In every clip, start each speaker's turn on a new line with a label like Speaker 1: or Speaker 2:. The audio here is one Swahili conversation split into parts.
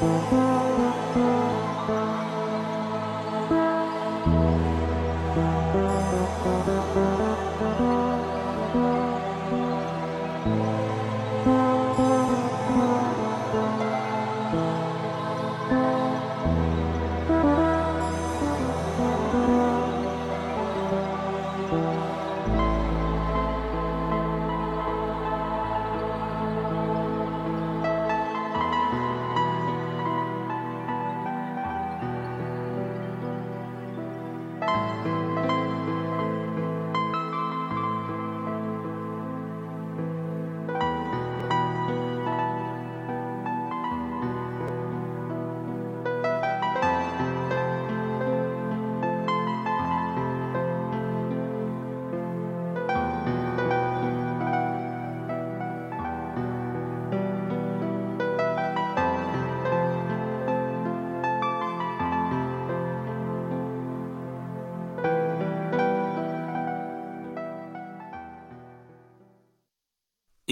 Speaker 1: Música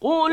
Speaker 2: Qul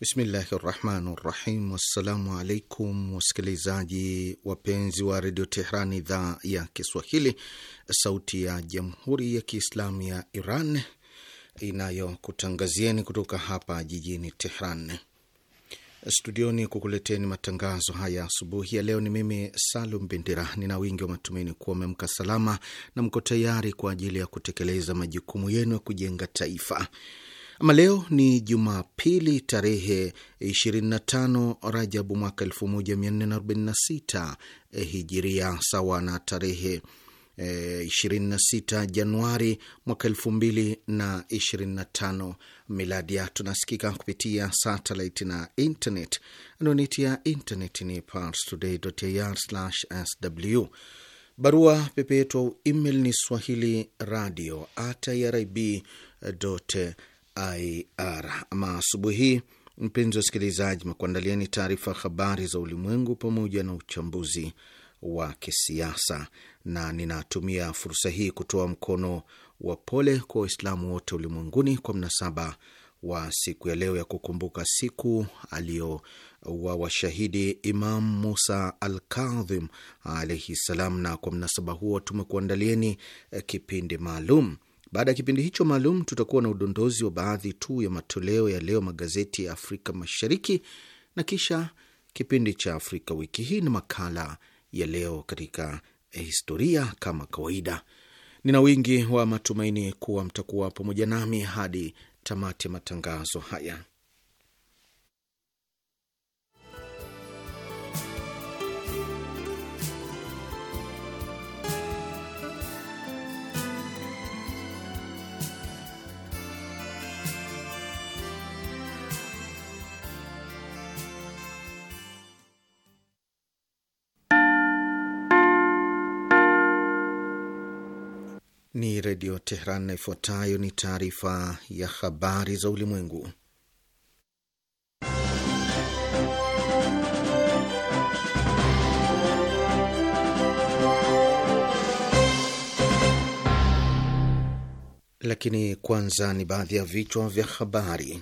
Speaker 3: Bismillahi rahmani rahim. Wassalamu alaikum wasikilizaji wapenzi wa redio Tehran, idhaa ya Kiswahili, sauti ya jamhuri ya kiislamu ya Iran inayokutangazieni kutoka hapa jijini Tehran studioni kukuleteni matangazo haya asubuhi ya leo. Ni mimi Salum Bendera. Nina wingi wa matumaini kuwa amemka salama na mko tayari kwa ajili ya kutekeleza majukumu yenu ya kujenga taifa. Ama leo ni Jumapili tarehe 25 Rajabu mwaka 1446 eh, Hijiria, sawa na tarehe 26 eh, Januari mwaka miladi ya Tunasikika kupitia satellite na internet. Anwani ya internet ni parstoday.ir/sw. Barua pepe yetu au email ni swahili radio radio@irib.com ir. Ama asubuhi hii, mpenzi wa sikilizaji, mekuandalieni taarifa habari za ulimwengu pamoja na uchambuzi wa kisiasa, na ninatumia fursa hii kutoa mkono wa pole kwa Waislamu wote ulimwenguni kwa mnasaba wa siku ya leo ya kukumbuka siku aliyowawashahidi Imam Musa al Kadhim alaihi ssalam. Na kwa mnasaba huo tumekuandalieni kipindi maalum baada ya kipindi hicho maalum, tutakuwa na udondozi wa baadhi tu ya matoleo ya leo magazeti ya Afrika Mashariki, na kisha kipindi cha Afrika wiki hii na makala ya leo katika eh, historia. Kama kawaida, nina wingi wa matumaini kuwa mtakuwa pamoja nami hadi tamati ya matangazo haya. ni Redio Tehran na ifuatayo ni taarifa ya habari za ulimwengu. Lakini kwanza ni baadhi ya vichwa vya habari.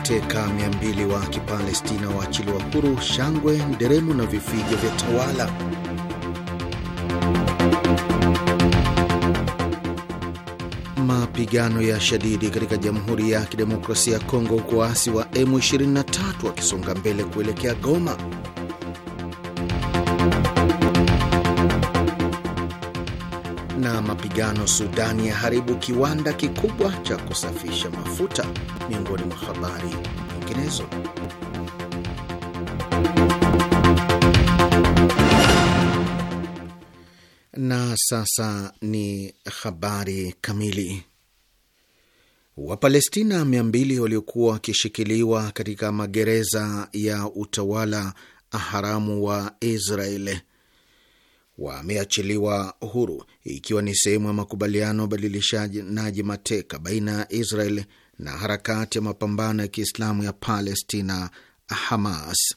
Speaker 3: Mateka 200 wa Kipalestina waachiliwa huru. Shangwe, nderemu na vifijo vya tawala. Mapigano ya shadidi katika Jamhuri ya Kidemokrasia ya Kongo, huku waasi wa M23 wakisonga mbele kuelekea Goma. na mapigano Sudani yaharibu kiwanda kikubwa cha kusafisha mafuta, miongoni mwa habari nyinginezo. Na sasa ni habari kamili. Wapalestina mia waliokuwa wakishikiliwa katika magereza ya utawala haramu wa Israeli wameachiliwa huru ikiwa ni sehemu ya makubaliano ya ubadilishanaji mateka baina ya Israel na harakati ya mapambano ya Kiislamu ya Palestina, Hamas.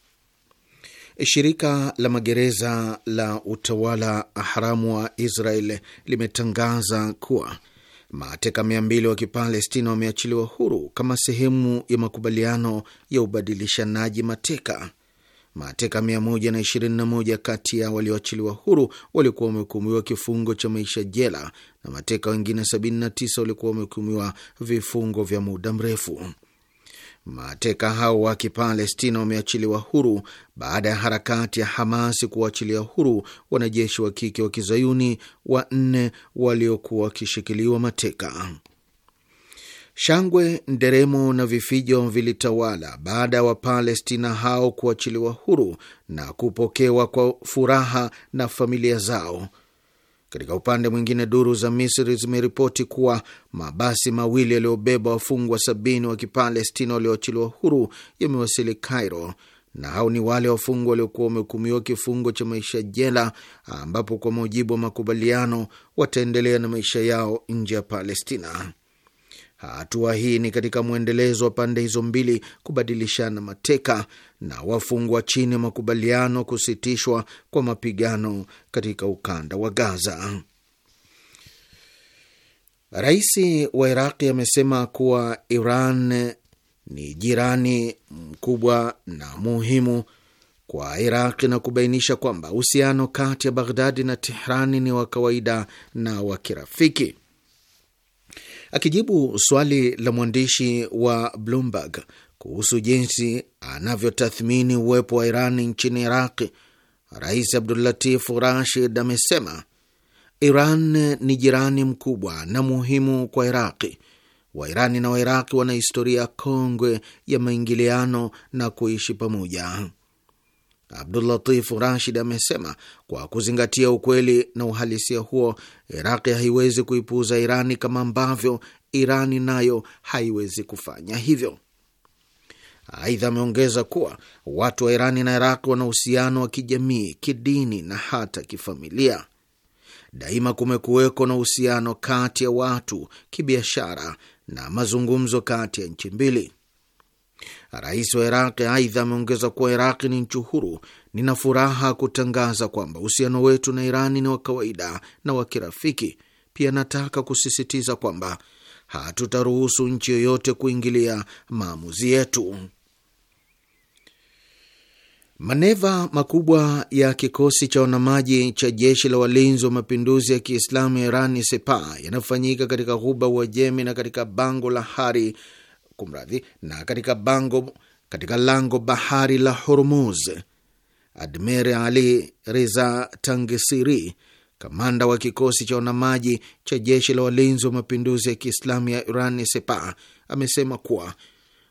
Speaker 3: Shirika la magereza la utawala haramu wa Israel limetangaza kuwa mateka mia mbili wa Kipalestina wameachiliwa huru kama sehemu ya makubaliano ya ubadilishanaji mateka mateka 121 kati ya walioachiliwa huru walikuwa wamehukumiwa kifungo cha maisha jela na mateka wengine 79 walikuwa wamehukumiwa vifungo vya muda mrefu. Mateka hao wa Kipalestina wameachiliwa huru baada ya harakati ya Hamasi kuwaachilia huru wanajeshi wa kike wa kizayuni wanne waliokuwa wakishikiliwa mateka. Shangwe, nderemo na vifijo vilitawala baada ya Wapalestina hao kuachiliwa huru na kupokewa kwa furaha na familia zao. Katika upande mwingine, duru za Misri zimeripoti kuwa mabasi mawili yaliyobeba wafungwa sabini wa Kipalestina walioachiliwa huru yamewasili Cairo, na hao ni wale wafungwa waliokuwa wamehukumiwa kifungo cha maisha jela, ambapo kwa mujibu wa makubaliano wataendelea na maisha yao nje ya Palestina. Hatua hii ni katika mwendelezo wa pande hizo mbili kubadilishana mateka na wafungwa chini ya makubaliano kusitishwa kwa mapigano katika ukanda wa Gaza. Rais wa Iraqi amesema kuwa Iran ni jirani mkubwa na muhimu kwa Iraqi na kubainisha kwamba uhusiano kati ya Baghdadi na Tehrani ni wa kawaida na wa kirafiki. Akijibu swali la mwandishi wa Bloomberg kuhusu jinsi anavyotathmini uwepo wa Iran nchini Iraq, Rais abdulatif Rashid amesema Iran ni jirani mkubwa na muhimu kwa Iraqi. Wairani na Wairaqi wana historia kongwe ya maingiliano na kuishi pamoja. Abdulatif Rashid amesema kwa kuzingatia ukweli na uhalisia huo, Iraqi haiwezi kuipuuza Irani kama ambavyo Irani nayo haiwezi kufanya hivyo. Aidha, ameongeza kuwa watu wa Irani na Iraq wana uhusiano wa kijamii, kidini na hata kifamilia. Daima kumekuweko na uhusiano kati ya watu, kibiashara na mazungumzo kati ya nchi mbili. Rais wa Iraq aidha ameongeza kuwa Iraqi ni nchi huru. Nina furaha kutangaza kwamba uhusiano wetu na Irani ni wa kawaida na wa kirafiki. Pia nataka kusisitiza kwamba hatutaruhusu nchi yoyote kuingilia maamuzi yetu. Maneva makubwa ya kikosi cha wanamaji cha jeshi la walinzi wa mapinduzi ya Kiislamu ya Irani Sepa yanafanyika katika ghuba Uajemi na katika bango la Hari kumradhi, na katika bango, katika lango bahari la Hormuz, Admir Ali Reza Tangisiri, kamanda wa kikosi cha wanamaji cha jeshi la walinzi wa mapinduzi ya Kiislamu ya Iran Sepa, amesema kuwa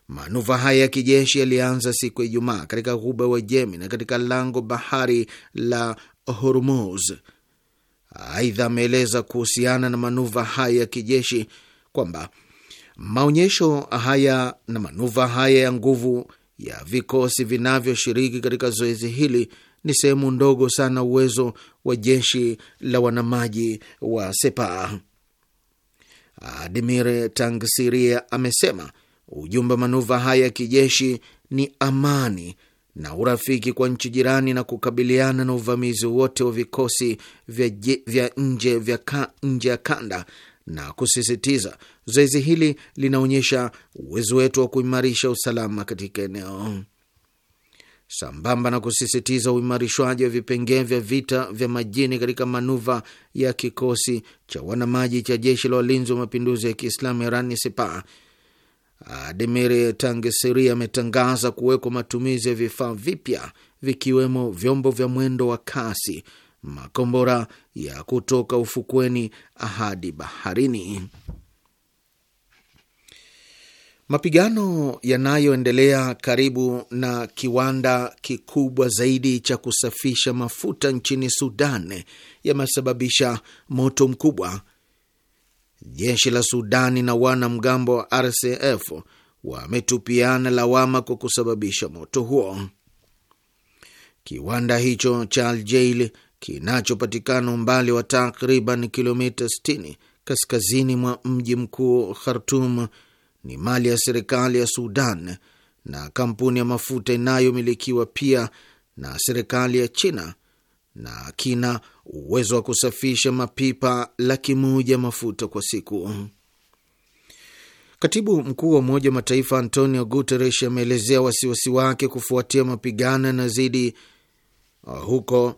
Speaker 3: manuva haya ya kijeshi yalianza siku ya Ijumaa katika ghuba Jemi na katika lango bahari la Hormuz. Aidha, ameeleza kuhusiana na manuva haya ya kijeshi kwamba Maonyesho haya na manuva haya ya nguvu ya vikosi vinavyoshiriki katika zoezi hili ni sehemu ndogo sana uwezo wa jeshi la wanamaji wa sepa Admir Tangsiria amesema ujumbe wa manuva haya ya kijeshi ni amani na urafiki kwa nchi jirani na kukabiliana na uvamizi wote wa vikosi vya nje vya nje ya kanda na kusisitiza zoezi hili linaonyesha uwezo wetu wa kuimarisha usalama katika eneo, sambamba na kusisitiza uimarishwaji wa vipengee vya vita vya majini katika manuva ya kikosi cha wanamaji cha jeshi la walinzi wa mapinduzi ya Kiislamu Irani Sepah. Ademir Tangesiri ametangaza kuwekwa matumizi ya vifaa vipya vikiwemo vyombo vya mwendo wa kasi makombora ya kutoka ufukweni hadi baharini. Mapigano yanayoendelea karibu na kiwanda kikubwa zaidi cha kusafisha mafuta nchini Sudan yamesababisha moto mkubwa. Jeshi la Sudani na wanamgambo wa RSF wametupiana lawama kwa kusababisha moto huo. Kiwanda hicho cha Aljeil kinachopatikana umbali wa takriban kilomita 60 kaskazini mwa mji mkuu Khartum ni mali ya serikali ya Sudan na kampuni ya mafuta inayomilikiwa pia na serikali ya China na kina uwezo wa kusafisha mapipa laki moja mafuta kwa siku. Katibu mkuu wa Umoja wa Mataifa Antonio Guterres ameelezea wasiwasi wake kufuatia mapigano yanayozidi uh, huko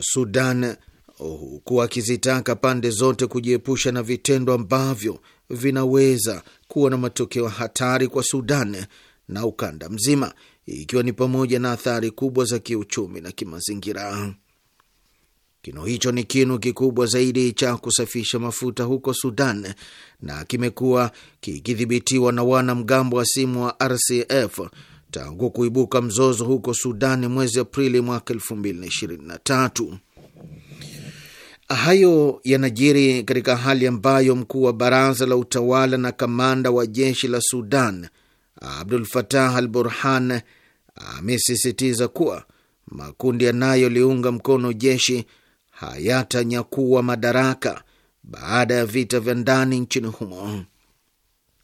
Speaker 3: Sudan, huku akizitaka pande zote kujiepusha na vitendo ambavyo vinaweza kuwa na matokeo hatari kwa Sudan na ukanda mzima, ikiwa ni pamoja na athari kubwa za kiuchumi na kimazingira. Kinu hicho ni kinu kikubwa zaidi cha kusafisha mafuta huko Sudan na kimekuwa kikidhibitiwa na wanamgambo wa simu wa RCF tangu kuibuka mzozo huko Sudani mwezi Aprili mwaka 2023. Hayo yanajiri katika hali ambayo mkuu wa baraza la utawala na kamanda wa jeshi la Sudan Abdul Fatah al Burhan amesisitiza kuwa makundi yanayoliunga mkono jeshi hayatanyakuwa madaraka baada ya vita vya ndani nchini humo.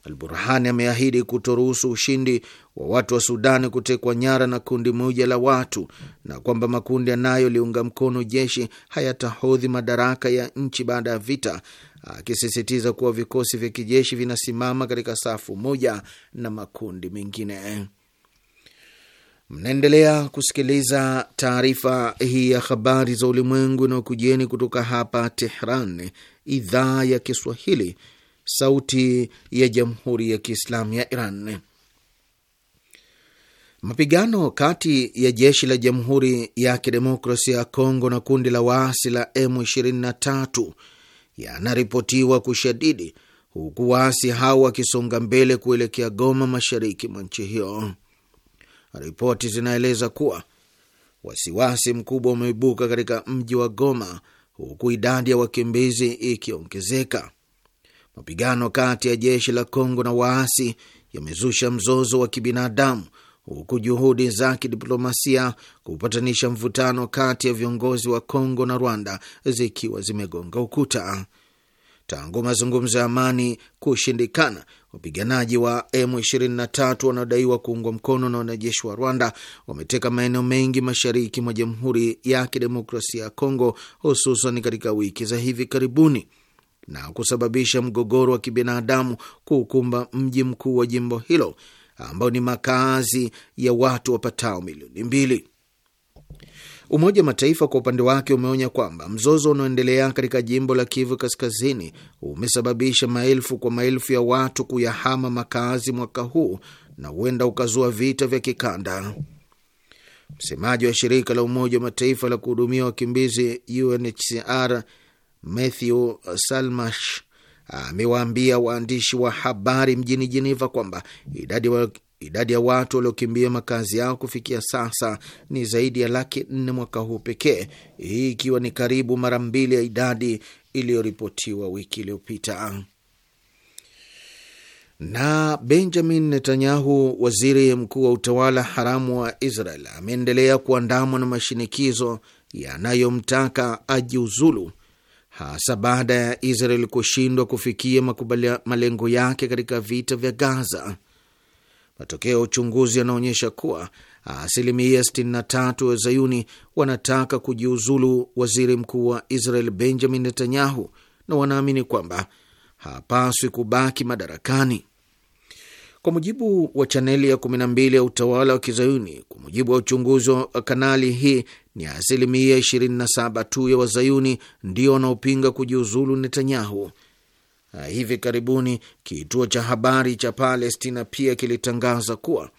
Speaker 3: Al Burhan ameahidi kutoruhusu ushindi wa watu wa Sudani kutekwa nyara na kundi moja la watu na kwamba makundi yanayoliunga mkono jeshi hayatahodhi madaraka ya nchi baada ya vita, akisisitiza kuwa vikosi vya kijeshi vinasimama katika safu moja na makundi mengine. Mnaendelea kusikiliza taarifa hii ya habari za ulimwengu inayokujieni kutoka hapa Tehran, idhaa ya Kiswahili, sauti ya jamhuri ya kiislamu ya Iran. Mapigano kati ya jeshi la Jamhuri ya Kidemokrasia ya Kongo na kundi la waasi la M23 yanaripotiwa kushadidi huku waasi hao wakisonga mbele kuelekea Goma, mashariki mwa nchi hiyo. Ripoti zinaeleza kuwa wasiwasi mkubwa umeibuka katika mji wa Goma, huku idadi ya wakimbizi ikiongezeka. Mapigano kati ya jeshi la Kongo na waasi yamezusha mzozo wa kibinadamu huku juhudi za kidiplomasia kupatanisha mvutano kati ya viongozi wa Kongo na Rwanda zikiwa zimegonga ukuta. Tangu mazungumzo ya amani kushindikana, wapiganaji wa M23 wanaodaiwa kuungwa mkono na wanajeshi wa Rwanda wameteka maeneo mengi mashariki mwa Jamhuri ya Kidemokrasia ya Kongo, hususan katika wiki za hivi karibuni na kusababisha mgogoro wa kibinadamu kuukumba mji mkuu wa jimbo hilo ambayo ni makazi ya watu wapatao milioni mbili. Umoja wa Mataifa kwa upande wake umeonya kwamba mzozo unaoendelea katika jimbo la Kivu Kaskazini umesababisha maelfu kwa maelfu ya watu kuyahama makazi mwaka huu na huenda ukazua vita vya kikanda. Msemaji wa shirika la Umoja wa Mataifa la kuhudumia wakimbizi UNHCR Matthew Salmash amewaambia waandishi wa habari mjini Jeneva kwamba idadi wa idadi ya watu waliokimbia makazi yao kufikia sasa ni zaidi ya laki nne mwaka huu pekee, hii ikiwa ni karibu mara mbili ya idadi iliyoripotiwa wiki iliyopita. Na Benjamin Netanyahu, waziri mkuu wa utawala haramu wa Israel, ameendelea kuandamwa na mashinikizo yanayomtaka ajiuzulu hasa baada ya Israel kushindwa kufikia makubalia malengo yake katika vita vya Gaza. Matokeo ya uchunguzi yanaonyesha kuwa asilimia 63 wa Zayuni wanataka kujiuzulu waziri mkuu wa Israel Benjamin Netanyahu, na wanaamini kwamba hapaswi kubaki madarakani. Kwa mujibu wa chaneli ya 12 ya utawala wa Kizayuni, kwa mujibu wa uchunguzi wa kanali hii, ni asilimia 27 tu ya Wazayuni ndio wanaopinga kujiuzulu Netanyahu. Ah, hivi karibuni kituo cha habari cha Palestina pia kilitangaza kuwa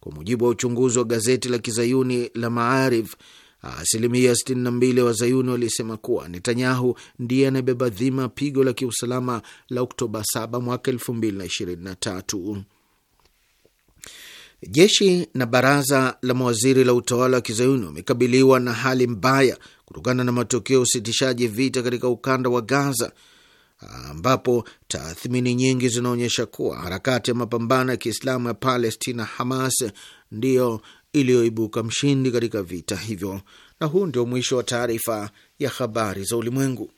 Speaker 3: kwa mujibu wa uchunguzi wa gazeti la Kizayuni la Maarif, asilimia 62 ya Wazayuni walisema kuwa Netanyahu ndiye anayebeba dhima pigo la kiusalama la Oktoba 7 mwaka 2023. Jeshi na baraza la mawaziri la utawala wa kizayuni wamekabiliwa na hali mbaya kutokana na matokeo ya usitishaji vita katika ukanda wa Gaza, ambapo tathmini nyingi zinaonyesha kuwa harakati ya mapambano ya kiislamu ya Palestina, Hamas, ndiyo iliyoibuka mshindi katika vita hivyo. Na huu ndio mwisho wa taarifa ya habari za ulimwengu.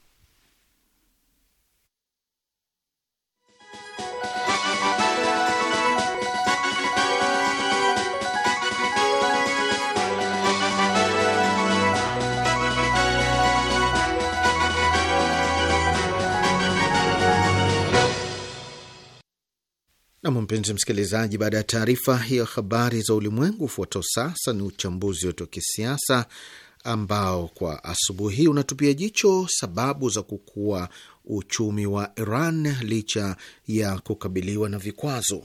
Speaker 3: Nam, mpenzi msikilizaji, baada ya taarifa hiyo habari za ulimwengu, ufuatao sasa ni uchambuzi wetu wa kisiasa ambao kwa asubuhi hii unatupia jicho sababu za kukua uchumi wa Iran licha ya kukabiliwa na vikwazo.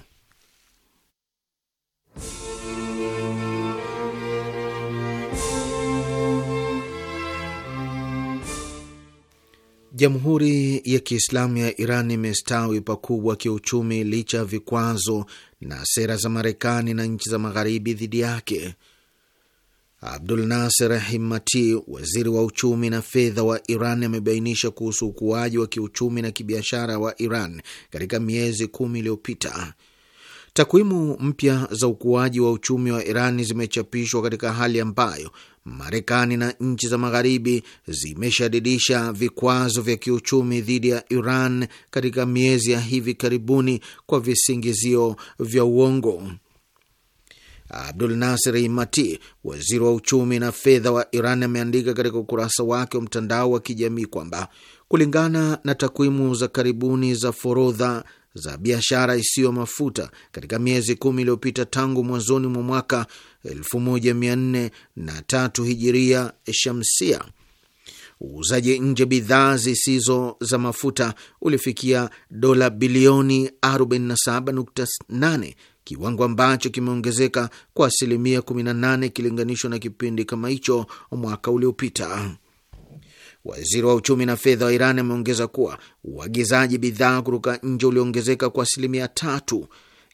Speaker 3: Jamhuri ya Kiislamu ya Iran imestawi pakubwa kiuchumi licha ya vikwazo na sera za Marekani na nchi za Magharibi dhidi yake. Abdul Nasser Himmati, waziri wa uchumi na fedha wa Iran, amebainisha kuhusu ukuaji wa kiuchumi na kibiashara wa Iran katika miezi kumi iliyopita. Takwimu mpya za ukuaji wa uchumi wa Iran zimechapishwa katika hali ambayo Marekani na nchi za Magharibi zimeshadidisha vikwazo vya kiuchumi dhidi ya Iran katika miezi ya hivi karibuni kwa visingizio vya uongo. Abdul Nasir imati waziri wa uchumi na fedha wa Iran, ameandika katika ukurasa wake wa mtandao wa kijamii kwamba kulingana na takwimu za karibuni za forodha za biashara isiyo mafuta katika miezi kumi iliyopita tangu mwanzoni mwa mwaka 1403 hijiria shamsia. Uuzaji nje bidhaa zisizo za mafuta ulifikia dola bilioni 47.8, kiwango ambacho kimeongezeka kwa asilimia 18 ikilinganishwa na kipindi kama hicho mwaka uliopita. Waziri wa uchumi na fedha wa Iran ameongeza kuwa uagizaji bidhaa kutoka nje uliongezeka kwa asilimia tatu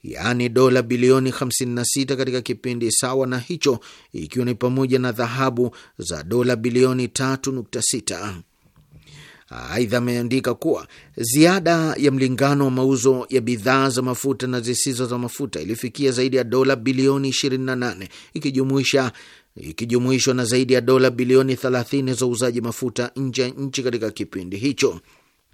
Speaker 3: yaani dola bilioni 56 katika kipindi sawa na hicho, ikiwa ni pamoja na dhahabu za dola bilioni 3.6. Aidha, ameandika kuwa ziada ya mlingano wa mauzo ya bidhaa za mafuta na zisizo za mafuta ilifikia zaidi ya dola bilioni 28 ikijumuisha ikijumuishwa na zaidi ya dola bilioni 30 za uuzaji mafuta nje ya nchi katika kipindi hicho.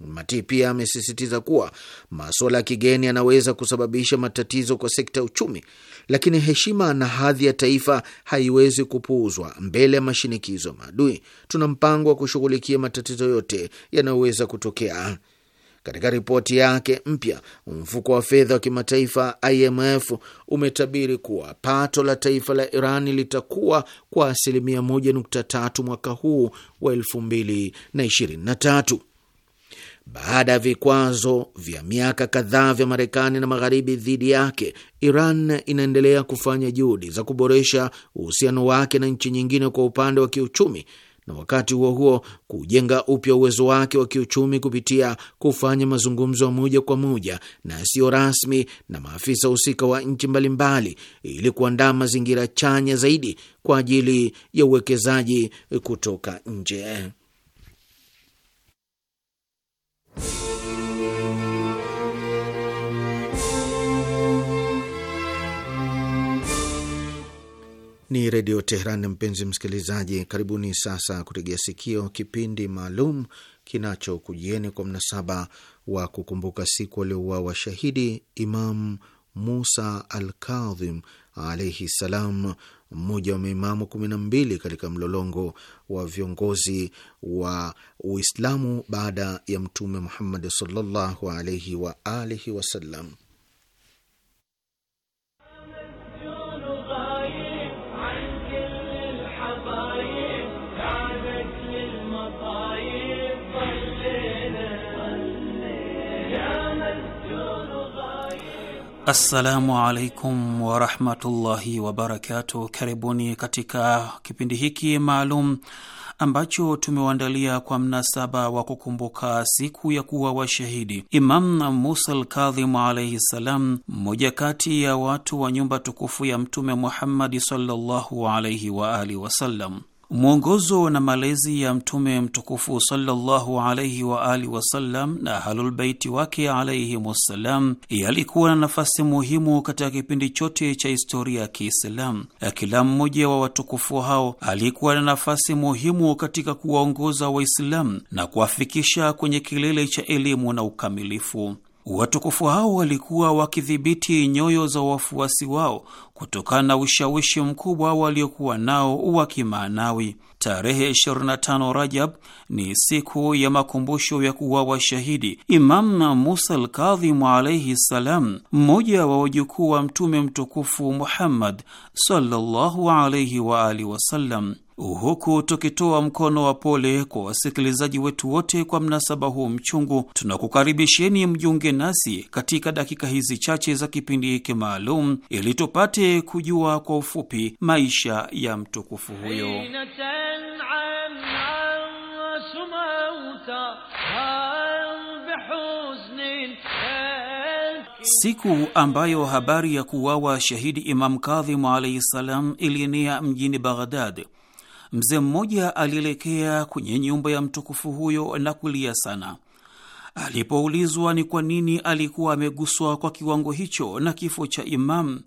Speaker 3: Mati pia amesisitiza kuwa masuala ya kigeni yanaweza kusababisha matatizo kwa sekta ya uchumi, lakini heshima na hadhi ya taifa haiwezi kupuuzwa mbele ya mashinikizo ya maadui. Tuna mpango wa kushughulikia matatizo yote yanayoweza kutokea. Katika ripoti yake mpya, mfuko wa fedha wa kimataifa IMF umetabiri kuwa pato la taifa la Iran litakuwa kwa asilimia 1.3 mwaka huu wa 2023. Baada ya vikwazo vya miaka kadhaa vya Marekani na magharibi dhidi yake, Iran inaendelea kufanya juhudi za kuboresha uhusiano wake na nchi nyingine kwa upande wa kiuchumi na wakati huo huo kujenga upya uwezo wake wa kiuchumi kupitia kufanya mazungumzo ya moja kwa moja na yasiyo rasmi na maafisa husika wa nchi mbalimbali ili kuandaa mazingira chanya zaidi kwa ajili ya uwekezaji kutoka nje. Ni Redio Teheran. Mpenzi msikilizaji, karibuni sasa kutegea sikio kipindi maalum kinachokujieni kwa mnasaba wa kukumbuka siku aliouawa shahidi Imam Musa alkadhim alaihi salam, mmoja wa maimamu kumi na mbili katika mlolongo wa viongozi wa Uislamu baada ya Mtume Muhammad sallallahu alaihi wa alihi wasallam.
Speaker 4: Assalamu alaikum warahmatullahi wabarakatuh. Karibuni katika kipindi hiki maalum ambacho tumewaandalia kwa mnasaba wa kukumbuka siku ya kuwa washahidi Imam Musa Alkadhimu alaihi ssalam, mmoja kati ya watu wa nyumba tukufu ya Mtume Muhammadi sallallahu alaihi waalihi wasallam. Mwongozo na malezi ya Mtume mtukufu sallallahu alaihi wa alihi wasallam na Ahlulbeiti wake alaihim wassalam yalikuwa na nafasi muhimu katika kipindi chote cha historia ya Kiislamu. Kila mmoja wa watukufu hao alikuwa na nafasi muhimu katika kuwaongoza Waislamu na kuwafikisha kwenye kilele cha elimu na ukamilifu. Watukufu hao walikuwa wakidhibiti nyoyo za wafuasi wao kutokana na ushawishi mkubwa waliokuwa nao wa kimaanawi. Tarehe 25 Rajab ni siku ya makumbusho ya kuwa shahidi Imam na Musa Alkadhimu alaihi ssalam, mmoja wa wajukuu wa Mtume mtukufu Muhammad sallallahu alaihi waalihi wasallam huku tukitoa mkono wa pole kwa wasikilizaji wetu wote kwa mnasaba huu mchungu, tunakukaribisheni mjiunge nasi katika dakika hizi chache za kipindi hiki maalum ili tupate kujua kwa ufupi maisha ya mtukufu huyo. Siku ambayo habari ya kuuawa shahidi Imam Kadhimu alaihi ssalam ilienea mjini Baghdad Mzee mmoja alielekea kwenye nyumba ya mtukufu huyo na kulia sana. Alipoulizwa ni kwa nini alikuwa ameguswa kwa kiwango hicho na kifo cha Imamu,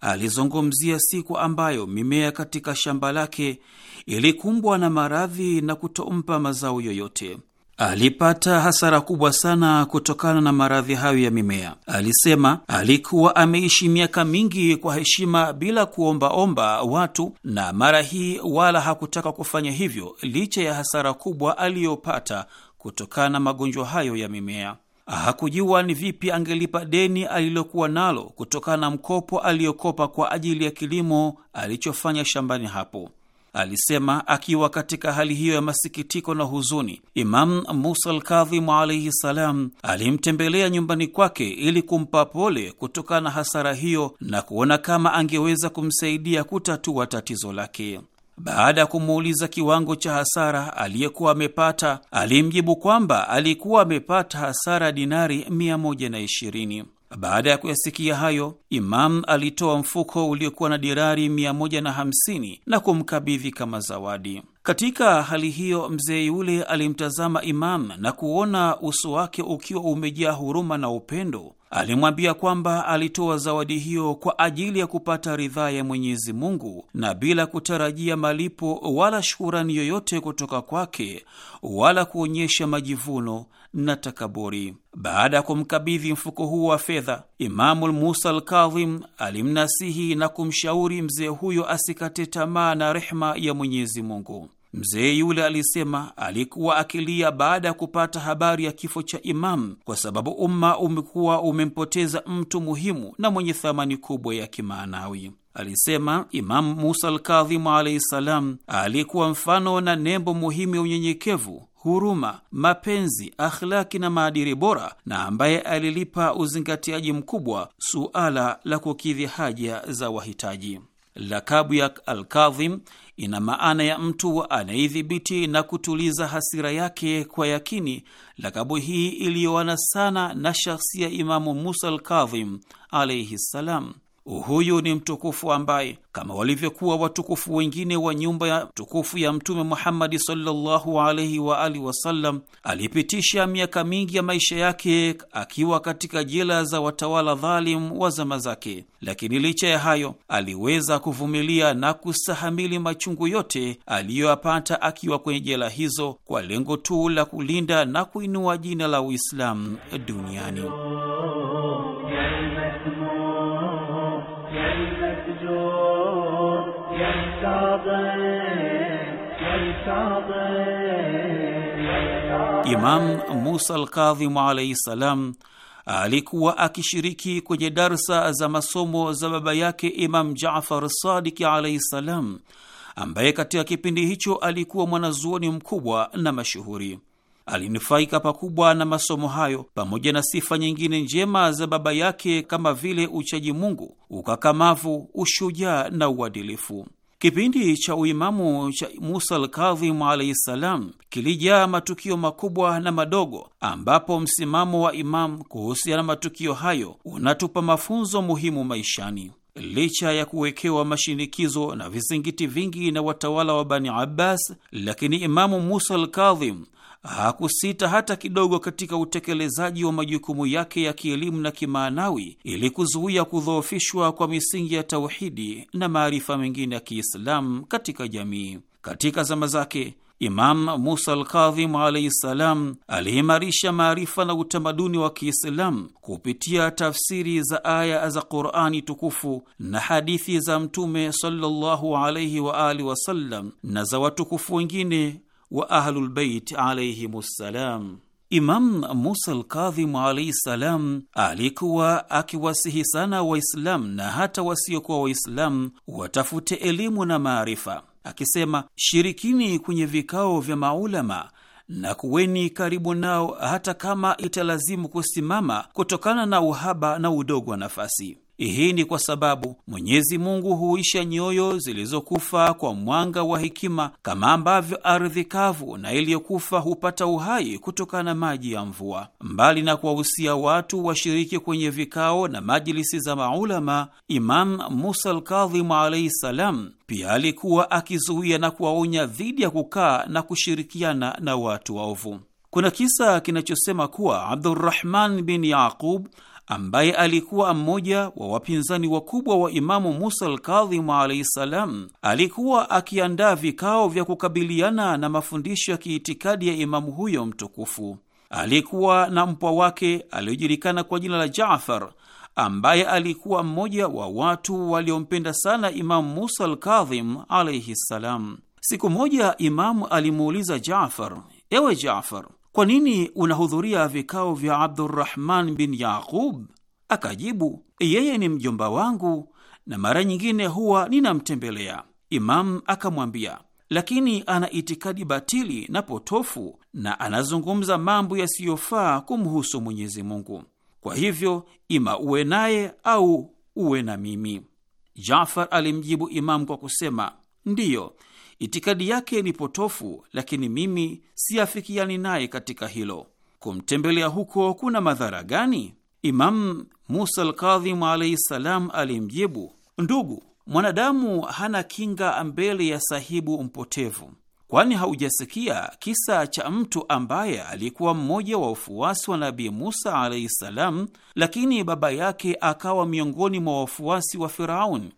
Speaker 4: alizungumzia siku ambayo mimea katika shamba lake ilikumbwa na maradhi na kutompa mazao yoyote alipata hasara kubwa sana kutokana na maradhi hayo ya mimea. Alisema alikuwa ameishi miaka mingi kwa heshima bila kuombaomba watu, na mara hii wala hakutaka kufanya hivyo licha ya hasara kubwa aliyopata kutokana na magonjwa hayo ya mimea. Hakujua ni vipi angelipa deni alilokuwa nalo kutokana na mkopo aliyokopa kwa ajili ya kilimo alichofanya shambani hapo alisema akiwa katika hali hiyo ya masikitiko na huzuni. Imam Musa Alkadhimu alaihi salam alimtembelea nyumbani kwake ili kumpa pole kutokana na hasara hiyo na kuona kama angeweza kumsaidia kutatua tatizo lake. Baada ya kumuuliza kiwango cha hasara aliyekuwa amepata, alimjibu kwamba alikuwa amepata hasara dinari 120. Baada ya kuyasikia hayo, Imam alitoa mfuko uliokuwa na dirari 150 na kumkabidhi kama zawadi. Katika hali hiyo, mzee yule alimtazama Imam na kuona uso wake ukiwa umejaa huruma na upendo. Alimwambia kwamba alitoa zawadi hiyo kwa ajili ya kupata ridhaa ya Mwenyezi Mungu na bila kutarajia malipo wala shukurani yoyote kutoka kwake wala kuonyesha majivuno na takaburi. Baada ya kumkabidhi mfuko huo wa fedha, Imamu Musa Alkadhim alimnasihi na kumshauri mzee huyo asikate tamaa na rehma ya Mwenyezi Mungu. Mzee yule alisema alikuwa akilia baada ya kupata habari ya kifo cha Imamu, kwa sababu umma umekuwa umempoteza mtu muhimu na mwenye thamani kubwa ya kimaanawi alisema Imamu Musa Alkadhimu alaihi ssalam alikuwa mfano na nembo muhimu ya unyenyekevu huruma, mapenzi, akhlaki na maadili bora, na ambaye alilipa uzingatiaji mkubwa suala la kukidhi haja za wahitaji. Lakabu ya Alkadhim ina maana ya mtu anayedhibiti na kutuliza hasira yake kwa yakini. Lakabu hii iliyoana sana na shakhsia Imamu Musa Alkadhim alaihi ssalam. Huyu ni mtukufu ambaye kama walivyokuwa watukufu wengine wa nyumba ya tukufu ya Mtume Muhammadi sallallahu alaihi wa alihi wasallam, alipitisha miaka mingi ya maisha yake akiwa katika jela za watawala dhalim wa zama zake, lakini licha ya hayo aliweza kuvumilia na kustahamili machungu yote aliyoyapata akiwa kwenye jela hizo kwa lengo tu la kulinda na kuinua jina la Uislamu duniani. Imam Musa Alkadhimu alaihi salam ah, alikuwa akishiriki kwenye darsa za masomo za baba yake Imam Jafar Sadiki alaihi salam, ambaye katika kipindi hicho alikuwa mwanazuoni mkubwa na mashuhuri. Alinufaika pakubwa na masomo hayo pamoja na sifa nyingine njema za baba yake kama vile uchaji Mungu, ukakamavu, ushujaa na uadilifu. Kipindi cha uimamu cha Musa al alaihi ssalam kilijaa matukio makubwa na madogo, ambapo msimamo wa imamu kuhusiana na matukio hayo unatupa mafunzo muhimu maishani. Licha ya kuwekewa mashinikizo na vizingiti vingi na watawala wa Bani Abbas, lakini Imamu Musa Alkadhim hakusita hata kidogo katika utekelezaji wa majukumu yake ya kielimu na kimaanawi ili kuzuia kudhoofishwa kwa misingi ya tauhidi na maarifa mengine ya Kiislamu katika jamii. Katika zama zake Imam Musa Alkadhim alaihi ssalam aliimarisha maarifa na utamaduni wa Kiislamu kupitia tafsiri za aya za Qurani tukufu na hadithi za Mtume sallallahu alaihi waalihi wasallam na za watukufu wengine wa Ahlulbeit alaihim ssalam. Imam Musa Alkadhimu alaihi ssalam alikuwa akiwasihi sana Waislamu na hata wasiokuwa Waislamu watafute elimu na maarifa, akisema, shirikini kwenye vikao vya maulama na kuweni karibu nao hata kama italazimu kusimama kutokana na uhaba na udogo wa nafasi. Hii ni kwa sababu Mwenyezi Mungu huisha nyoyo zilizokufa kwa mwanga wa hekima, kama ambavyo ardhi kavu na iliyokufa hupata uhai kutokana na maji ya mvua. Mbali na kuwahusia watu washiriki kwenye vikao na majilisi za maulama, Imam Musa Alkadhimu alaihi ssalam pia alikuwa akizuia na kuwaonya dhidi ya kukaa na kushirikiana na watu waovu. Kuna kisa kinachosema kuwa Abdurrahman bin Yaqub ambaye alikuwa mmoja wa wapinzani wakubwa wa Imamu Musa Alkadhimu alaihi ssalam, alikuwa akiandaa vikao vya kukabiliana na mafundisho ya kiitikadi ya imamu huyo mtukufu. Alikuwa na mpwa wake aliyojulikana kwa jina la Jafar ambaye alikuwa mmoja wa watu waliompenda sana Imamu Musa Alkadhim alaihi ssalam. Siku moja Imamu alimuuliza Jafar, ewe Jafar, kwa nini unahudhuria vikao vya Abdurrahman bin Yaqub? Akajibu, yeye ni mjomba wangu na mara nyingine huwa ninamtembelea. Imamu akamwambia, lakini ana itikadi batili na potofu na anazungumza mambo yasiyofaa kumhusu Mwenyezi Mungu. Kwa hivyo ima uwe naye au uwe na mimi. Jafar alimjibu Imamu kwa kusema, ndiyo, Itikadi yake ni potofu, lakini mimi siafikiani naye katika hilo. Kumtembelea huko kuna madhara gani? Imamu Musa Alkadhim alaihi salam alimjibu, ndugu mwanadamu hana kinga mbele ya sahibu mpotevu. Kwani haujasikia kisa cha mtu ambaye alikuwa mmoja wa wafuasi wa Nabii Musa alaihi salam, lakini baba yake akawa miongoni mwa wafuasi wa Firaun?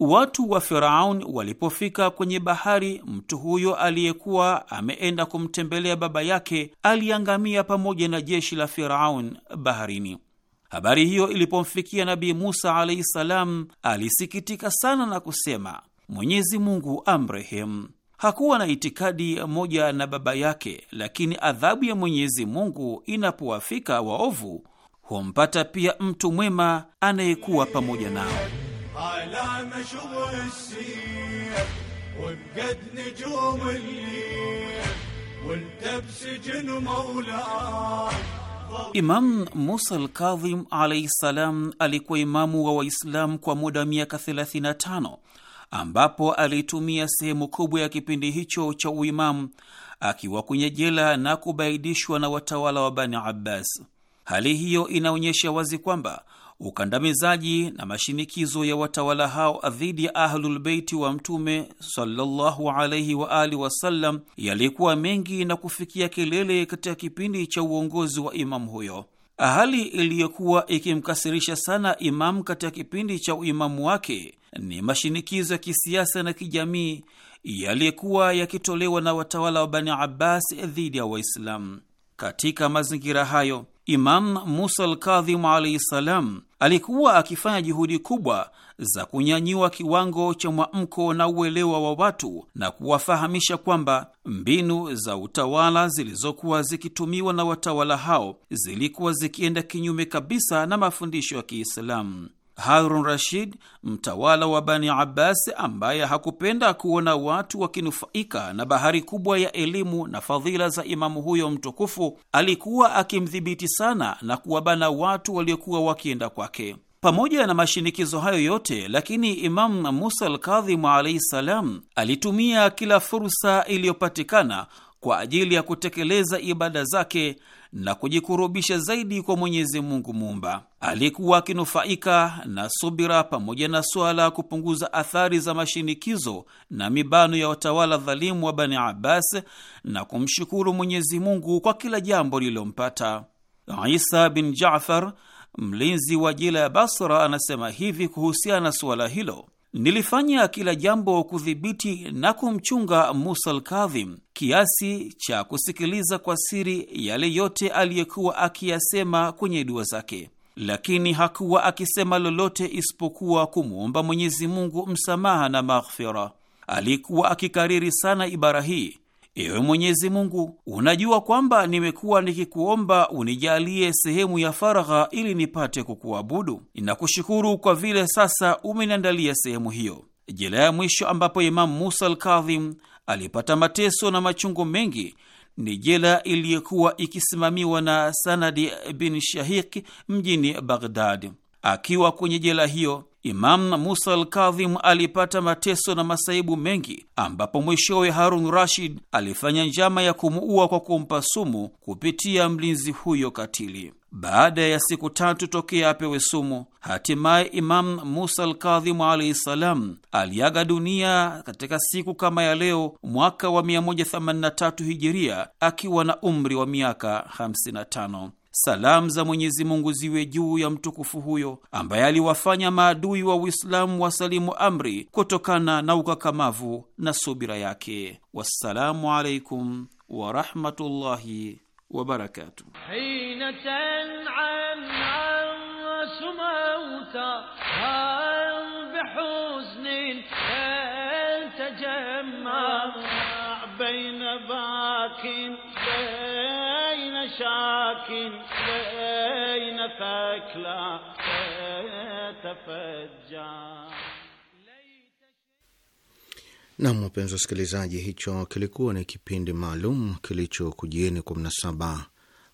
Speaker 4: Watu wa Firaun walipofika kwenye bahari, mtu huyo aliyekuwa ameenda kumtembelea baba yake aliangamia pamoja na jeshi la Firaun baharini. Habari hiyo ilipomfikia Nabii Musa alaihi salam, alisikitika sana na kusema, Mwenyezi Mungu amrehemu. Hakuwa na itikadi moja na baba yake, lakini adhabu ya Mwenyezi Mungu inapowafika waovu humpata pia mtu mwema anayekuwa pamoja nao.
Speaker 1: على مشوق السير وبقد نجوم الليل وانت بسجن مولاي
Speaker 4: Imam Musa al-Kadhim alayhi salam alikuwa imamu wa Waislamu kwa muda wa miaka 35 ambapo alitumia sehemu kubwa ya kipindi hicho cha uimamu akiwa kwenye jela na kubaidishwa na watawala wa Bani Abbas. Hali hiyo inaonyesha wazi kwamba ukandamizaji na mashinikizo ya watawala hao dhidi ya Ahlulbeiti wa Mtume sallallahu alaihi wa ali wasallam yalikuwa mengi na kufikia kelele katika kipindi cha uongozi wa imamu huyo. Hali iliyokuwa ikimkasirisha sana imamu katika kipindi cha uimamu wake ni mashinikizo ya kisiasa na kijamii yaliyokuwa yakitolewa na watawala wa Bani Abbas dhidi ya Waislamu. Katika mazingira hayo Imam Musa Alkadhimu alaihi ssalam alikuwa akifanya juhudi kubwa za kunyanyua kiwango cha mwamko na uelewa wa watu na kuwafahamisha kwamba mbinu za utawala zilizokuwa zikitumiwa na watawala hao zilikuwa zikienda kinyume kabisa na mafundisho ya Kiislamu. Harun Rashid, mtawala wa Bani Abbas, ambaye hakupenda kuona watu wakinufaika na bahari kubwa ya elimu na fadhila za imamu huyo mtukufu, alikuwa akimdhibiti sana na kuwabana watu waliokuwa wakienda kwake. Pamoja na mashinikizo hayo yote lakini, Imamu Musa Alkadhimu alaihi ssalam alitumia kila fursa iliyopatikana kwa ajili ya kutekeleza ibada zake na kujikurubisha zaidi kwa Mwenyezi Mungu Muumba. Alikuwa akinufaika na subira pamoja na suala ya kupunguza athari za mashinikizo na mibano ya watawala dhalimu wa Bani Abbas na kumshukuru Mwenyezi Mungu kwa kila jambo lililompata. Isa bin Jafar, mlinzi wa jela ya Basra, anasema hivi kuhusiana na suala hilo: Nilifanya kila jambo kudhibiti na kumchunga Musa al kiasi cha kusikiliza kwa siri yale yote aliyekuwa akiyasema kwenye dua zake, lakini hakuwa akisema lolote isipokuwa kumwomba Mwenyezi Mungu msamaha na maghfira. Alikuwa akikariri sana ibara hii Ewe Mwenyezi Mungu, unajua kwamba nimekuwa nikikuomba unijalie sehemu ya faragha ili nipate kukuabudu. Ninakushukuru kwa vile sasa umeniandalia sehemu hiyo. Jela ya mwisho ambapo Imamu Musa al alipata mateso na machungu mengi ni jela iliyokuwa ikisimamiwa na Sanadi bin Shahik mjini Baghdad. Akiwa kwenye jela hiyo Imam Musa al alipata mateso na masaibu mengi, ambapo mwishowe Harun Rashid alifanya njama ya kumuua kwa kumpa sumu kupitia mlinzi huyo katili. Baada ya siku tatu tokea apewe sumu, hatimaye Imam Musa al alaihi ssalam aliaga dunia katika siku kama ya leo mwaka wa 183 hijiria akiwa na umri wa miaka 55 salam za Mwenyezi Mungu ziwe juu ya mtukufu huyo ambaye aliwafanya maadui wa Uislamu wasalimu amri kutokana na ukakamavu na subira yake. Wassalamu alaikum warahmatullahi wabarakatuh. شاكن وينفك لا
Speaker 3: Nam, wapenzi wasikilizaji, hicho kilikuwa ni kipindi maalum kilichokujieni kwa mnasaba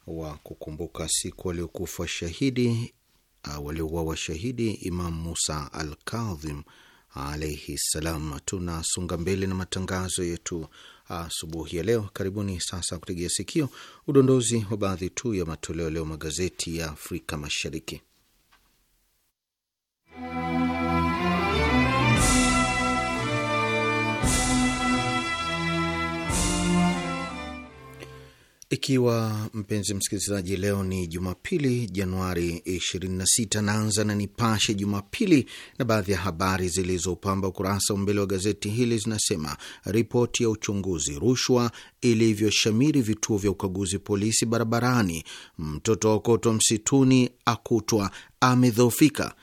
Speaker 3: wa kukumbuka siku waliokufa shahidi uh, ah, wa shahidi Imam Musa al Kadhim alaihi ssalam. Tunasunga mbele na matangazo yetu asubuhi ya leo. Karibuni sasa kutegea sikio udondozi wa baadhi tu ya matoleo leo magazeti ya Afrika Mashariki. Ikiwa mpenzi msikilizaji, leo ni Jumapili, Januari 26. Naanza na Nipashe Jumapili, na baadhi ya habari zilizopamba ukurasa umbele wa gazeti hili zinasema: ripoti ya uchunguzi rushwa ilivyoshamiri vituo vya ukaguzi polisi barabarani, mtoto wa okoto msituni akutwa amedhoofika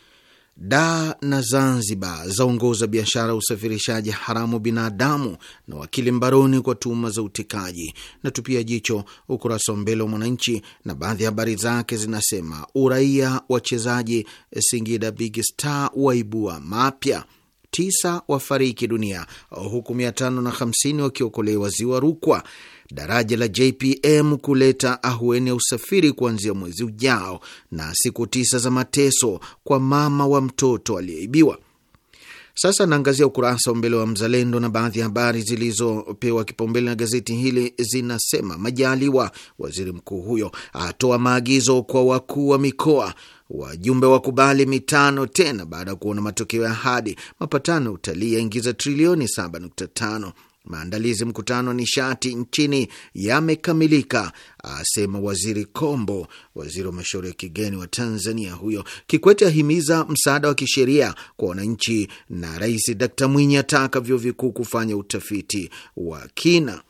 Speaker 3: Da na Zanzibar zaongoza biashara ya usafirishaji haramu binadamu na wakili mbaroni kwa tuhuma za utekaji. Na tupia jicho ukurasa wa mbele wa Mwananchi na baadhi ya habari zake zinasema: uraia wachezaji Singida Big Star waibua mapya, tisa wafariki dunia huku mia tano na hamsini wakiokolewa ziwa Rukwa daraja la JPM kuleta ahueni ya usafiri kuanzia mwezi ujao, na siku tisa za mateso kwa mama wa mtoto aliyeibiwa. Sasa naangazia ukurasa wa mbele wa Mzalendo na baadhi ya habari zilizopewa kipaumbele na gazeti hili zinasema: Majaliwa, waziri mkuu huyo, atoa maagizo kwa wakuu wa mikoa, wajumbe wakubali mitano tena baada ya kuona matokeo ya ahadi. Mapatano ya utalii yaingiza trilioni 7.5. Maandalizi mkutano wa nishati nchini yamekamilika, asema Waziri Kombo, waziri wa mashauri ya kigeni wa Tanzania huyo. Kikwete ahimiza msaada wa kisheria kwa wananchi, na Rais Dkt Mwinyi ataka vyuo vikuu kufanya utafiti wa kina.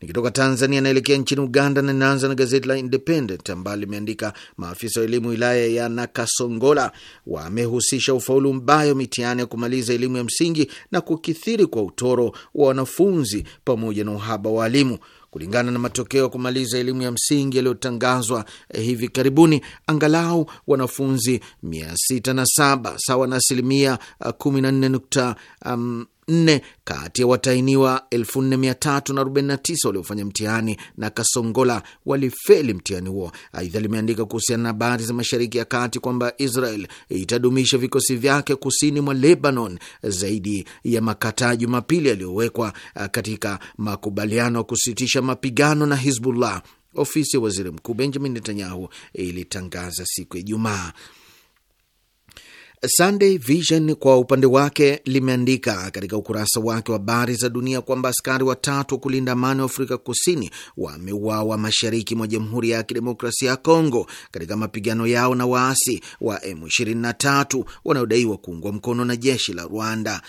Speaker 3: Nikitoka Tanzania naelekea nchini Uganda na inaanza na gazeti la Independent ambalo limeandika maafisa wa elimu wilaya ya Nakasongola wamehusisha ufaulu mbayo mitiani mitihani ya kumaliza elimu ya msingi na kukithiri kwa utoro wa wanafunzi pamoja na uhaba wa walimu. Kulingana na matokeo ya kumaliza elimu ya msingi yaliyotangazwa eh, hivi karibuni, angalau wanafunzi 607 sawa na asilimia 14 eh, 4 kati ya watainiwa 4349 waliofanya mtihani na Kasongola walifeli mtihani huo. Aidha, limeandika kuhusiana na habari za Mashariki ya Kati kwamba Israel itadumisha vikosi vyake kusini mwa Lebanon zaidi ya makataa Jumapili yaliyowekwa uh, katika makubaliano ya kusitisha mapigano na Hizbullah, ofisi ya waziri mkuu Benjamin Netanyahu ilitangaza siku ya Ijumaa. Sunday Vision kwa upande wake limeandika katika ukurasa wake wa habari za dunia kwamba askari watatu wa kulinda amani wa Afrika Kusini wameuawa mashariki mwa Jamhuri ya Kidemokrasia ya Kongo katika mapigano yao na waasi wa M23 wanaodaiwa kuungwa mkono na jeshi la Rwanda.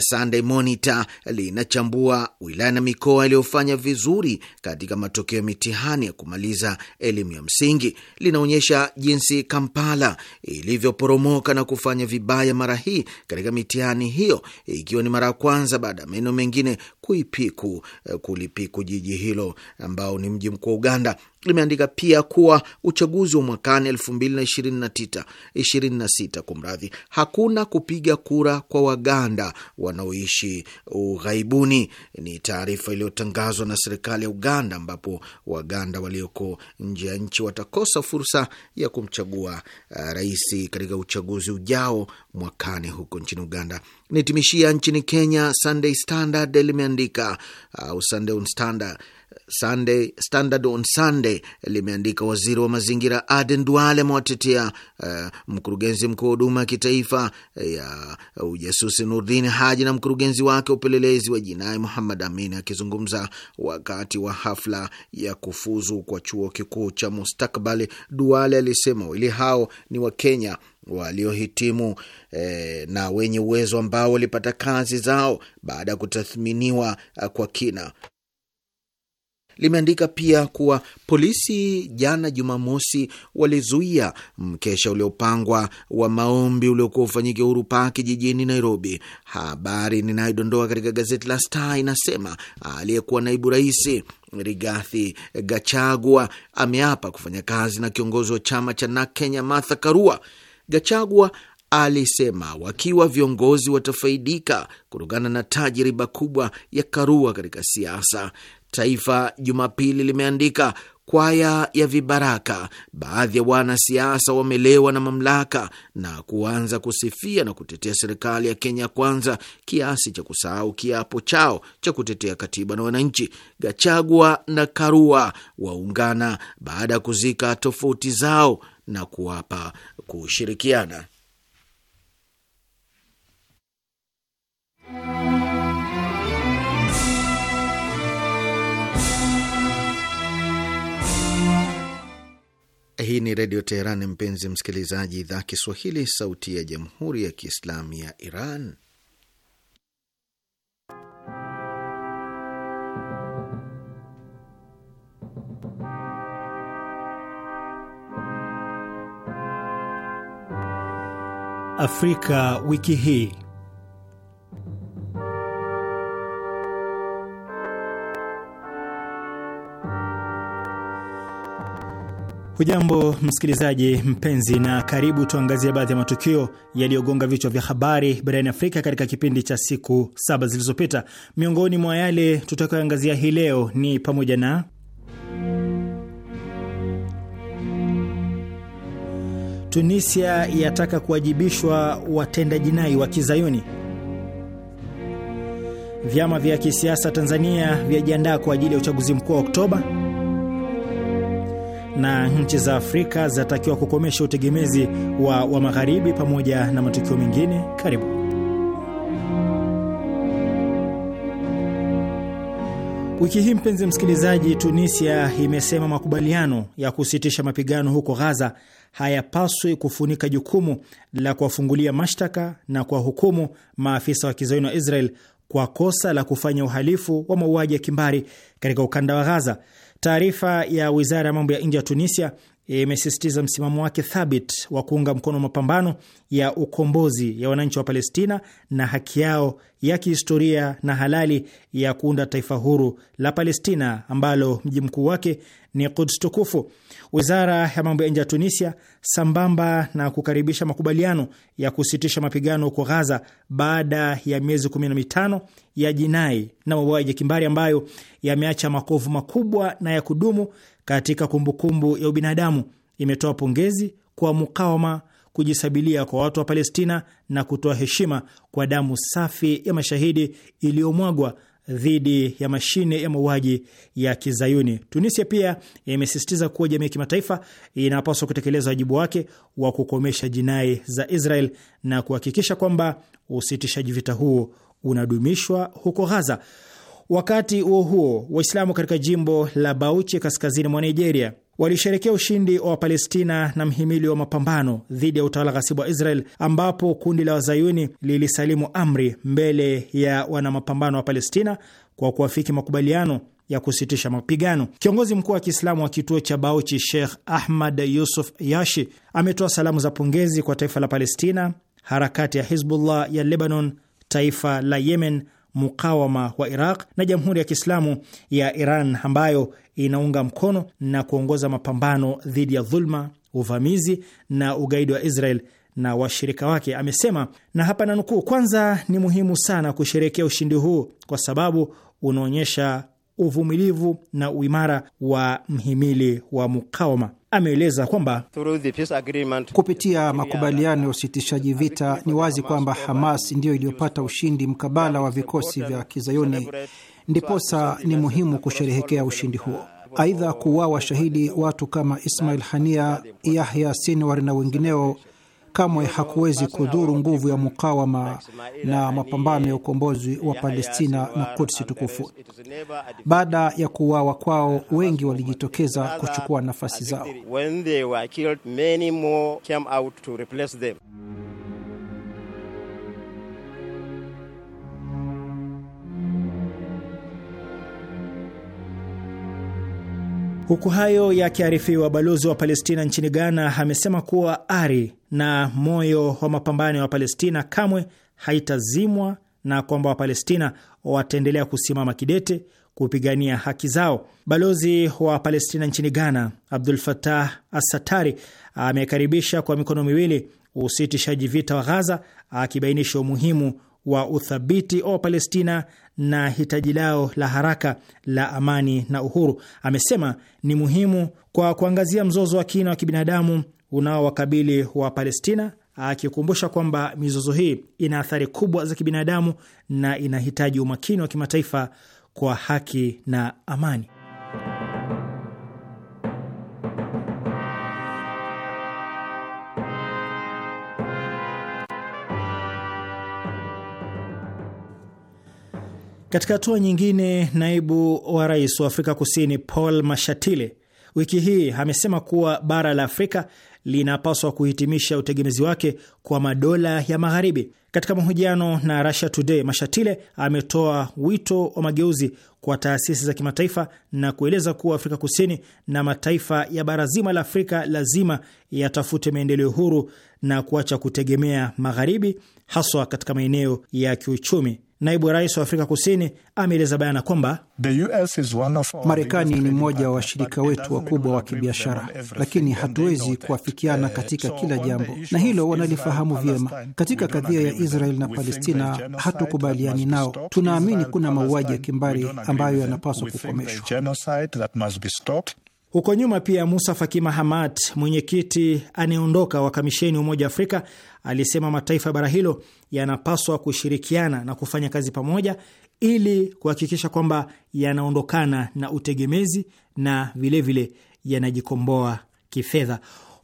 Speaker 3: Sunday Monitor linachambua wilaya na mikoa iliyofanya vizuri katika matokeo ya mitihani ya kumaliza elimu ya msingi. Linaonyesha jinsi Kampala ilivyoporomoka na kufanya vibaya mara hii katika mitihani hiyo, ikiwa ni mara ya kwanza baada ya maeneo mengine kuipiku eh, kulipiku jiji hilo ambao ni mji mkuu wa Uganda. Limeandika pia kuwa uchaguzi wa mwakani elfu mbili na na ishirini ishirini kwa kumradhi, hakuna kupiga kura kwa Waganda wanaoishi ughaibuni. Ni taarifa iliyotangazwa na serikali ya Uganda, ambapo Waganda walioko nje ya nchi watakosa fursa ya kumchagua eh, rais katika uchaguzi ujao mwakani huko nchini Uganda. Nitimishia nchini Kenya, Sunday Standard limeandika au Sunday on Standard Sunday, Standard on Sunday limeandika waziri wa mazingira Aden Duale amewatetea uh, mkurugenzi mkuu wa huduma ya kitaifa eh, ya uh, ujasusi Nurdin Haji na mkurugenzi wake upelelezi wa jinai Muhammad Amin akizungumza wakati wa hafla ya kufuzu kwa chuo kikuu cha mustakbali. Duale alisema wawili hao ni Wakenya waliohitimu e, na wenye uwezo ambao walipata kazi zao baada ya kutathminiwa e, kwa kina. Limeandika pia kuwa polisi jana Jumamosi walizuia mkesha uliopangwa wa maombi uliokuwa ufanyike Uhuru Paki jijini Nairobi. Habari ninayodondoa katika gazeti la Star inasema aliyekuwa naibu rais Rigathi Gachagua ameapa kufanya kazi na kiongozi wa chama cha NAK Kenya Martha Karua Gachagua alisema wakiwa viongozi watafaidika kutokana na tajriba kubwa ya Karua katika siasa. Taifa Jumapili limeandika kwaya ya vibaraka, baadhi ya wanasiasa wamelewa na mamlaka na kuanza kusifia na kutetea serikali ya Kenya Kwanza kiasi cha kusahau kiapo chao cha kutetea katiba na wananchi. Gachagua na Karua waungana baada ya kuzika tofauti zao na kuwapa kushirikiana. Hii ni Redio Teheran, mpenzi msikilizaji, idhaa Kiswahili, sauti ya Jamhuri ya Kiislamu ya Iran.
Speaker 5: Afrika wiki hii. Hujambo msikilizaji mpenzi, na karibu tuangazie baadhi ya matukio yaliyogonga vichwa vya habari barani Afrika katika kipindi cha siku saba zilizopita. Miongoni mwa yale tutakayoangazia hii leo ni pamoja na Tunisia yataka kuwajibishwa watenda jinai wa Kizayuni. Vyama vya kisiasa Tanzania vyajiandaa kwa ajili ya uchaguzi mkuu wa Oktoba, na nchi za Afrika zinatakiwa kukomesha utegemezi wa wa magharibi, pamoja na matukio mengine. Karibu. Wiki hii mpenzi msikilizaji, Tunisia imesema makubaliano ya kusitisha mapigano huko Ghaza hayapaswi kufunika jukumu la kuwafungulia mashtaka na kuwahukumu maafisa wa kizayuni wa Israel kwa kosa la kufanya uhalifu wa mauaji ya kimbari katika ukanda wa Ghaza. Taarifa ya wizara ya mambo ya nje ya Tunisia imesisitiza msimamo wake thabit wa kuunga mkono mapambano ya ukombozi ya wananchi wa Palestina na haki yao ya kihistoria na halali ya kuunda taifa huru la Palestina ambalo mji mkuu wake ni Quds tukufu. Wizara ya mambo ya nje ya Tunisia, sambamba na kukaribisha makubaliano ya kusitisha mapigano huko Ghaza baada ya miezi na mitano ya jinai na mauaji ya kimbari ambayo yameacha makovu makubwa na ya kudumu katika kumbukumbu -kumbu ya ubinadamu, imetoa pongezi kwa mukawama kujisabilia kwa watu wa Palestina na kutoa heshima kwa damu safi ya mashahidi iliyomwagwa dhidi ya mashine ya mauaji ya kizayuni. Tunisia pia imesisitiza kuwa jamii ya kimataifa inapaswa kutekeleza wajibu wake wa kukomesha jinai za Israel na kuhakikisha kwamba usitishaji vita huo unadumishwa huko Ghaza. Wakati huo huo, Waislamu katika jimbo la Bauchi kaskazini mwa Nigeria walisherekea ushindi wa Wapalestina na mhimili wa mapambano dhidi ya utawala ghasibu wa Israel, ambapo kundi la wazayuni lilisalimu amri mbele ya wanamapambano wa Palestina kwa kuafiki makubaliano ya kusitisha mapigano. Kiongozi mkuu wa Kiislamu wa kituo cha Bauchi, Sheikh Ahmad Yusuf Yashi, ametoa salamu za pongezi kwa taifa la Palestina, harakati ya Hizbullah ya Lebanon, taifa la Yemen, mukawama wa Iraq na jamhuri ya Kiislamu ya Iran ambayo inaunga mkono na kuongoza mapambano dhidi ya dhulma, uvamizi na ugaidi wa Israel na washirika wake. Amesema na hapa na nukuu, kwanza ni muhimu sana kusherekea ushindi huu kwa sababu unaonyesha uvumilivu na uimara wa mhimili wa mukawama. Ameeleza kwamba
Speaker 6: kupitia makubaliano ya usitishaji vita ni wazi kwamba Hamas ndiyo iliyopata ushindi mkabala wa vikosi vya Kizayuni. Ndiposa ni muhimu kusherehekea ushindi huo. Aidha, kuuawa shahidi watu kama Ismail Hania, Yahya Sinwar na wengineo kamwe hakuwezi kudhuru nguvu ya mukawama na mapambano ya ukombozi wa Palestina na Kudsi tukufu. Baada ya kuuawa kwao, wengi walijitokeza kuchukua nafasi zao.
Speaker 5: Huku hayo yakiarifiwa, balozi wa Palestina nchini Ghana amesema kuwa ari na moyo wa mapambano ya Wapalestina kamwe haitazimwa na kwamba Wapalestina wataendelea kusimama kidete kupigania haki zao. Balozi wa Palestina nchini Ghana Abdul Fatah Assatari amekaribisha kwa mikono miwili usitishaji vita wa Ghaza, akibainisha umuhimu wa uthabiti wa Wapalestina na hitaji lao la haraka la amani na uhuru. Amesema ni muhimu kwa kuangazia mzozo wa kina wa kibinadamu unaowakabili wa Palestina, akikumbusha kwamba mizozo hii ina athari kubwa za kibinadamu na inahitaji umakini wa kimataifa kwa haki na amani. Katika hatua nyingine, naibu wa rais wa Afrika Kusini Paul Mashatile wiki hii amesema kuwa bara la Afrika linapaswa kuhitimisha utegemezi wake kwa madola ya magharibi. Katika mahojiano na Russia Today, Mashatile ametoa wito wa mageuzi kwa taasisi za kimataifa na kueleza kuwa Afrika Kusini na mataifa ya bara zima la Afrika lazima yatafute maendeleo huru na kuacha kutegemea magharibi, haswa katika maeneo ya kiuchumi. Naibu rais wa Afrika Kusini ameeleza
Speaker 6: bayana kwamba Marekani ni mmoja wa washirika wetu wakubwa wa kibiashara, lakini hatuwezi kuafikiana katika kila jambo, na hilo wanalifahamu vyema. Katika kadhia ya Israel na Palestina hatukubaliani nao. Tunaamini kuna mauaji ya kimbari ambayo yanapaswa kukomeshwa. Huko nyuma pia Musa
Speaker 5: Faki Mahamat, mwenyekiti anayeondoka wa kamisheni ya Umoja wa Afrika, alisema mataifa ya bara hilo yanapaswa kushirikiana na kufanya kazi pamoja ili kuhakikisha kwamba yanaondokana na utegemezi na vilevile yanajikomboa kifedha.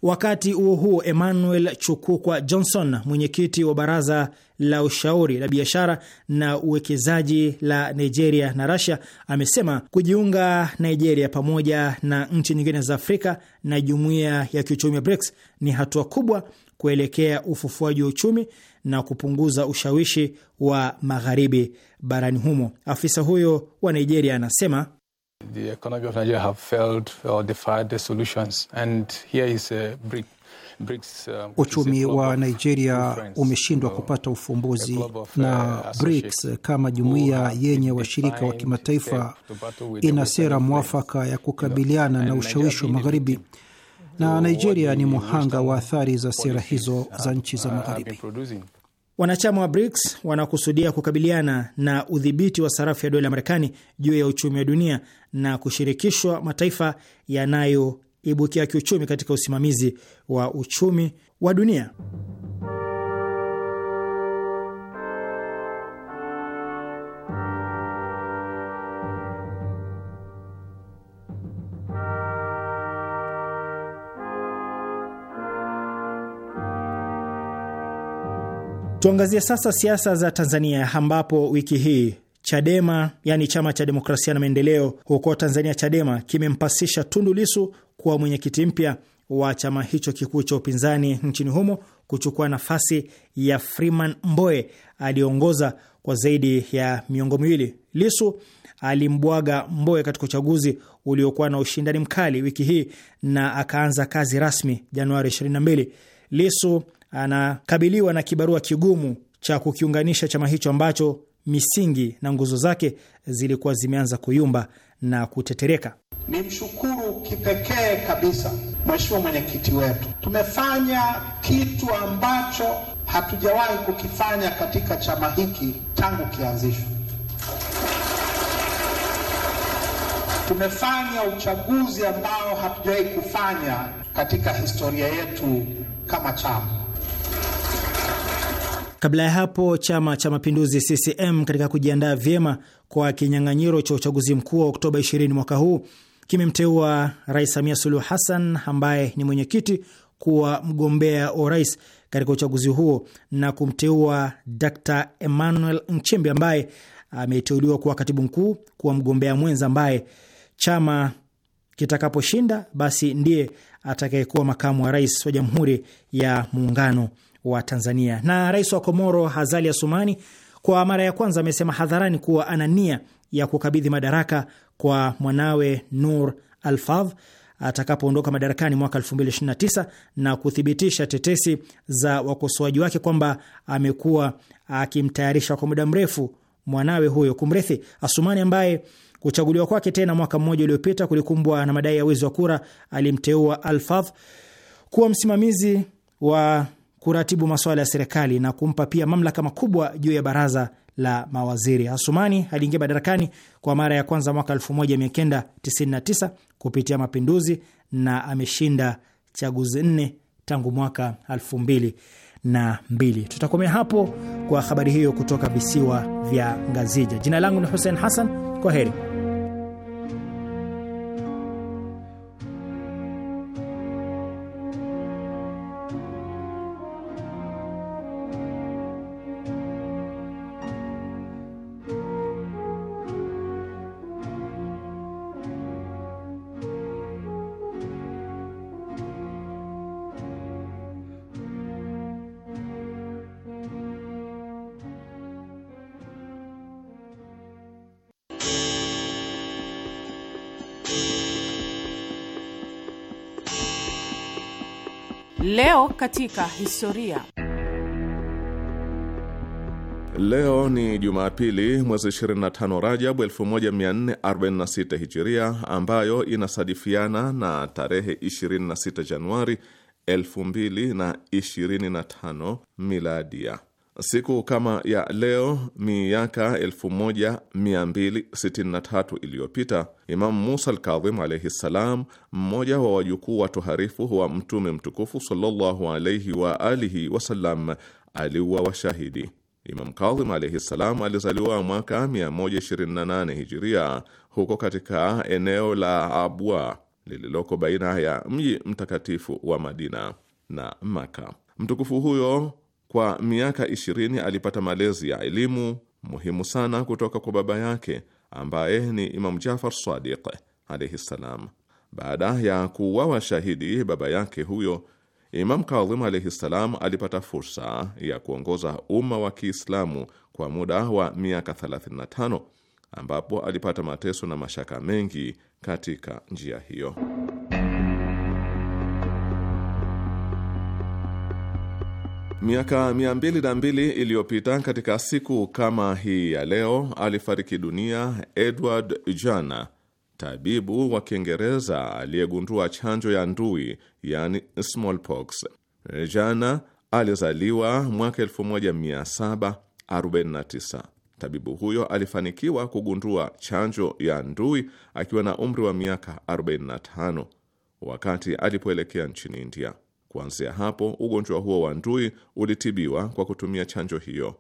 Speaker 5: Wakati huo huo, Emmanuel Chukukwa Johnson, mwenyekiti wa baraza la ushauri la biashara na uwekezaji la Nigeria na Russia, amesema kujiunga Nigeria pamoja na nchi nyingine za Afrika na jumuiya ya kiuchumi ya BRICS ni hatua kubwa kuelekea ufufuaji wa uchumi na kupunguza ushawishi wa magharibi barani humo. Afisa huyo wa Nigeria anasema
Speaker 6: The economy of Nigeria have failed or defied the solutions. And here is a brick uh, Uchumi wa Nigeria umeshindwa kupata ufumbuzi na BRICS kama jumuiya yenye washirika wa kimataifa ina sera mwafaka ya kukabiliana na ushawishi wa magharibi na Nigeria ni muhanga wa athari za sera hizo za nchi
Speaker 5: za magharibi. Wanachama wa BRICS wanakusudia kukabiliana na udhibiti wa sarafu ya dola ya Marekani juu ya uchumi wa dunia na kushirikishwa mataifa yanayoibukia kiuchumi katika usimamizi wa uchumi wa dunia. Tuangazie sasa siasa za Tanzania ambapo wiki hii Chadema yani chama cha demokrasia na maendeleo huko Tanzania, Chadema kimempasisha Tundu Lisu kuwa mwenyekiti mpya wa chama hicho kikuu cha upinzani nchini humo kuchukua nafasi ya Freeman Mboe aliyeongoza kwa zaidi ya miongo miwili. Lisu alimbwaga Mboe katika uchaguzi uliokuwa na ushindani mkali wiki hii na akaanza kazi rasmi Januari 22. Lisu anakabiliwa na kibarua kigumu cha kukiunganisha chama hicho ambacho misingi na nguzo zake zilikuwa zimeanza kuyumba na kutetereka.
Speaker 6: Ni mshukuru kipekee kabisa Mheshimiwa mwenyekiti wetu, tumefanya kitu ambacho hatujawahi kukifanya katika chama hiki tangu kianzishwa. Tumefanya uchaguzi ambao hatujawahi kufanya katika historia yetu kama chama.
Speaker 5: Kabla ya hapo chama cha mapinduzi CCM katika kujiandaa vyema kwa kinyang'anyiro cha uchaguzi mkuu wa Oktoba 20 mwaka huu kimemteua Rais Samia Suluhu Hassan ambaye ni mwenyekiti kuwa mgombea wa urais katika uchaguzi huo na kumteua Dr Emmanuel Nchimbi ambaye ameteuliwa kuwa katibu mkuu kuwa mgombea mwenza ambaye chama kitakaposhinda basi ndiye atakayekuwa makamu wa rais wa Jamhuri ya Muungano wa Tanzania. Na rais wa Komoro Hazali Asumani kwa mara ya kwanza amesema hadharani kuwa ana nia ya kukabidhi madaraka kwa mwanawe Nur Alfadh atakapoondoka madarakani mwaka 2029 na kuthibitisha tetesi za wakosoaji wake kwamba amekuwa akimtayarisha kwa muda mrefu mwanawe huyo kumrithi. Asumani ambaye kuchaguliwa kwake tena mwaka mmoja uliopita kulikumbwa na madai ya wizi wa kura, alimteua Alfadh kuwa msimamizi wa kuratibu masuala ya serikali na kumpa pia mamlaka makubwa juu ya baraza la mawaziri. Asumani aliingia madarakani kwa mara ya kwanza mwaka 1999 kupitia mapinduzi na ameshinda chaguzi nne tangu mwaka 2002. Tutakomea hapo kwa habari hiyo kutoka visiwa vya Ngazija. Jina langu ni Hussein Hassan, kwa heri.
Speaker 2: Leo katika historia.
Speaker 7: Leo ni Jumapili, mwezi 25 Rajabu 1446 Hijiria, ambayo inasadifiana na tarehe 26 Januari 2025 Miladia. Siku kama ya leo miaka 1263 iliyopita Imamu Musa Alkadhim alaihi ssalam, mmoja wa wajukuu watoharifu wa Mtume mtukufu sallallahu alaihi wa alihi wasallam, aliuwa washahidi. Imamu Kadhim alaihi ssalam alizaliwa mwaka 128 hijiria huko katika eneo la Abwa lililoko baina ya mji mtakatifu wa Madina na Maka. Mtukufu huyo kwa miaka ishirini alipata malezi ya elimu muhimu sana kutoka kwa baba yake ambaye ni Imam Jafar Sadiq alaihi ssalam. Baada ya kuuawa shahidi baba yake huyo, Imam Kadhim alaihi ssalam alipata fursa ya kuongoza umma wa Kiislamu kwa muda wa miaka 35 ambapo alipata mateso na mashaka mengi katika njia hiyo. Miaka mia mbili na mbili iliyopita katika siku kama hii ya leo alifariki dunia Edward Jenner, tabibu wa Kiingereza aliyegundua chanjo ya ndui, yani smallpox. Jenner alizaliwa mwaka 1749. Tabibu huyo alifanikiwa kugundua chanjo ya ndui akiwa na umri wa miaka 45 wakati alipoelekea nchini India. Kuanzia hapo ugonjwa huo wa ndui ulitibiwa kwa kutumia chanjo hiyo.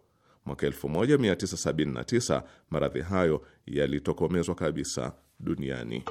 Speaker 7: Mwaka 1979 maradhi hayo yalitokomezwa kabisa duniani.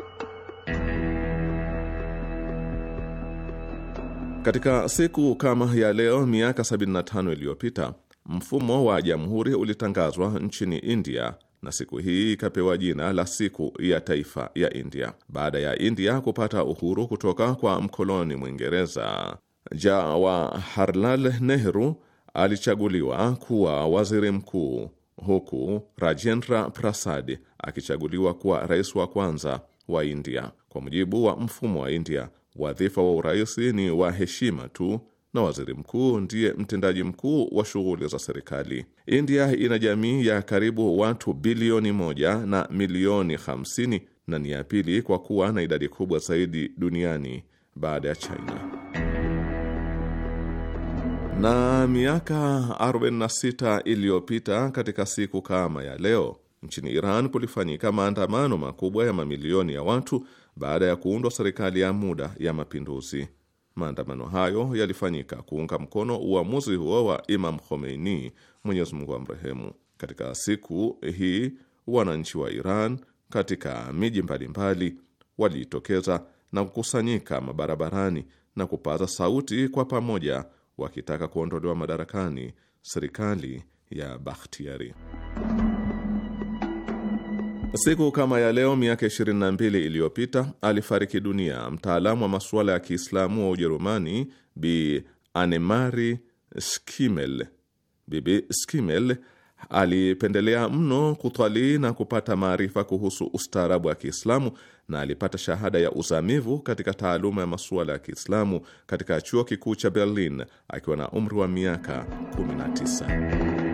Speaker 7: Katika siku kama ya leo miaka 75 iliyopita mfumo wa jamhuri ulitangazwa nchini India na siku hii ikapewa jina la siku ya taifa ya India baada ya India kupata uhuru kutoka kwa mkoloni Mwingereza Jawaharlal Nehru alichaguliwa kuwa waziri mkuu huku Rajendra Prasad akichaguliwa kuwa rais wa kwanza wa India. Kwa mujibu wa mfumo wa India, wadhifa wa urais ni wa heshima tu na waziri mkuu ndiye mtendaji mkuu wa shughuli za serikali. India ina jamii ya karibu watu bilioni moja na milioni hamsini na ni ya pili kwa kuwa na idadi kubwa zaidi duniani baada ya China. Na miaka 46 iliyopita katika siku kama ya leo nchini Iran kulifanyika maandamano makubwa ya mamilioni ya watu baada ya kuundwa serikali ya muda ya mapinduzi. Maandamano hayo yalifanyika kuunga mkono uamuzi huo wa Imam Khomeini, Mwenyezi Mungu amrehemu. Katika siku hii wananchi wa Iran katika miji mbalimbali walijitokeza na kukusanyika mabarabarani na kupaza sauti kwa pamoja wakitaka kuondolewa madarakani serikali ya Bakhtiari. Siku kama ya leo miaka 22 iliyopita alifariki dunia mtaalamu wa masuala ya Kiislamu wa Ujerumani Bi Anemari Skimel. Bibi Skimel Alipendelea mno kutwalii na kupata maarifa kuhusu ustaarabu wa Kiislamu na alipata shahada ya uzamivu katika taaluma ya masuala ya Kiislamu katika chuo kikuu cha Berlin akiwa na umri wa miaka 19.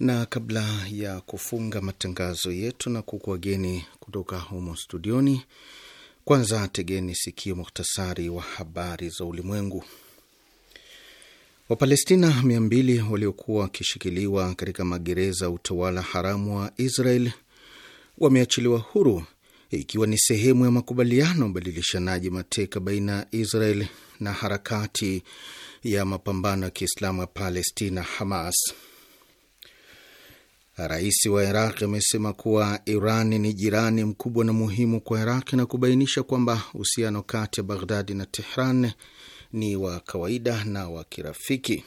Speaker 3: na kabla ya kufunga matangazo yetu na kukuwageni kutoka humo studioni, kwanza tegeni sikio muhtasari wa habari za ulimwengu. Wapalestina mia mbili waliokuwa wakishikiliwa katika magereza ya utawala haramu wa Israel wameachiliwa huru ikiwa ni sehemu ya makubaliano ya ubadilishanaji mateka baina ya Israel na harakati ya mapambano ya Kiislamu ya Palestina, Hamas. Rais wa Iraq amesema kuwa Iran ni jirani mkubwa na muhimu kwa Iraq na kubainisha kwamba uhusiano kati ya Baghdadi na Tehran ni wa kawaida na wa kirafiki.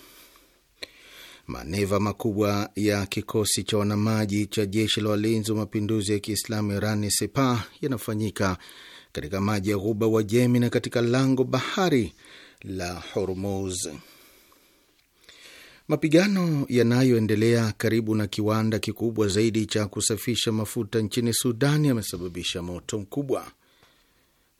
Speaker 3: Maneva makubwa ya kikosi cha wanamaji cha jeshi la walinzi wa mapinduzi ya Kiislamu Irani sepa yanafanyika katika maji ya ghuba Wajemi na katika lango bahari la Hormuz. Mapigano yanayoendelea karibu na kiwanda kikubwa zaidi cha kusafisha mafuta nchini Sudan yamesababisha moto mkubwa.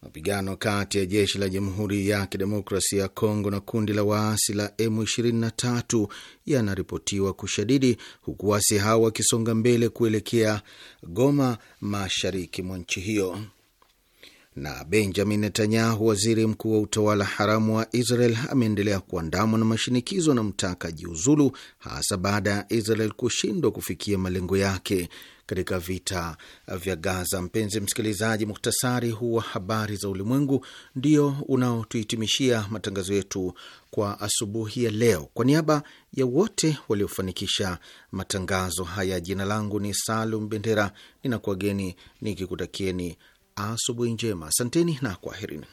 Speaker 3: Mapigano kati ya jeshi la Jamhuri ya Kidemokrasia ya Kongo na kundi la waasi la M23 yanaripotiwa kushadidi, huku waasi hao wakisonga mbele kuelekea Goma, mashariki mwa nchi hiyo na Benjamin Netanyahu, waziri mkuu wa utawala haramu wa Israel, ameendelea kuandamwa na mashinikizo na mtaka jiuzulu, hasa baada ya Israel kushindwa kufikia malengo yake katika vita vya Gaza. Mpenzi msikilizaji, muktasari huu wa habari za ulimwengu ndio unaotuhitimishia matangazo yetu kwa asubuhi ya leo. Kwa niaba ya wote waliofanikisha matangazo haya, jina langu ni Salum Bendera, ninakuwageni nikikutakieni asubuhi njema. Asanteni na kwaherini.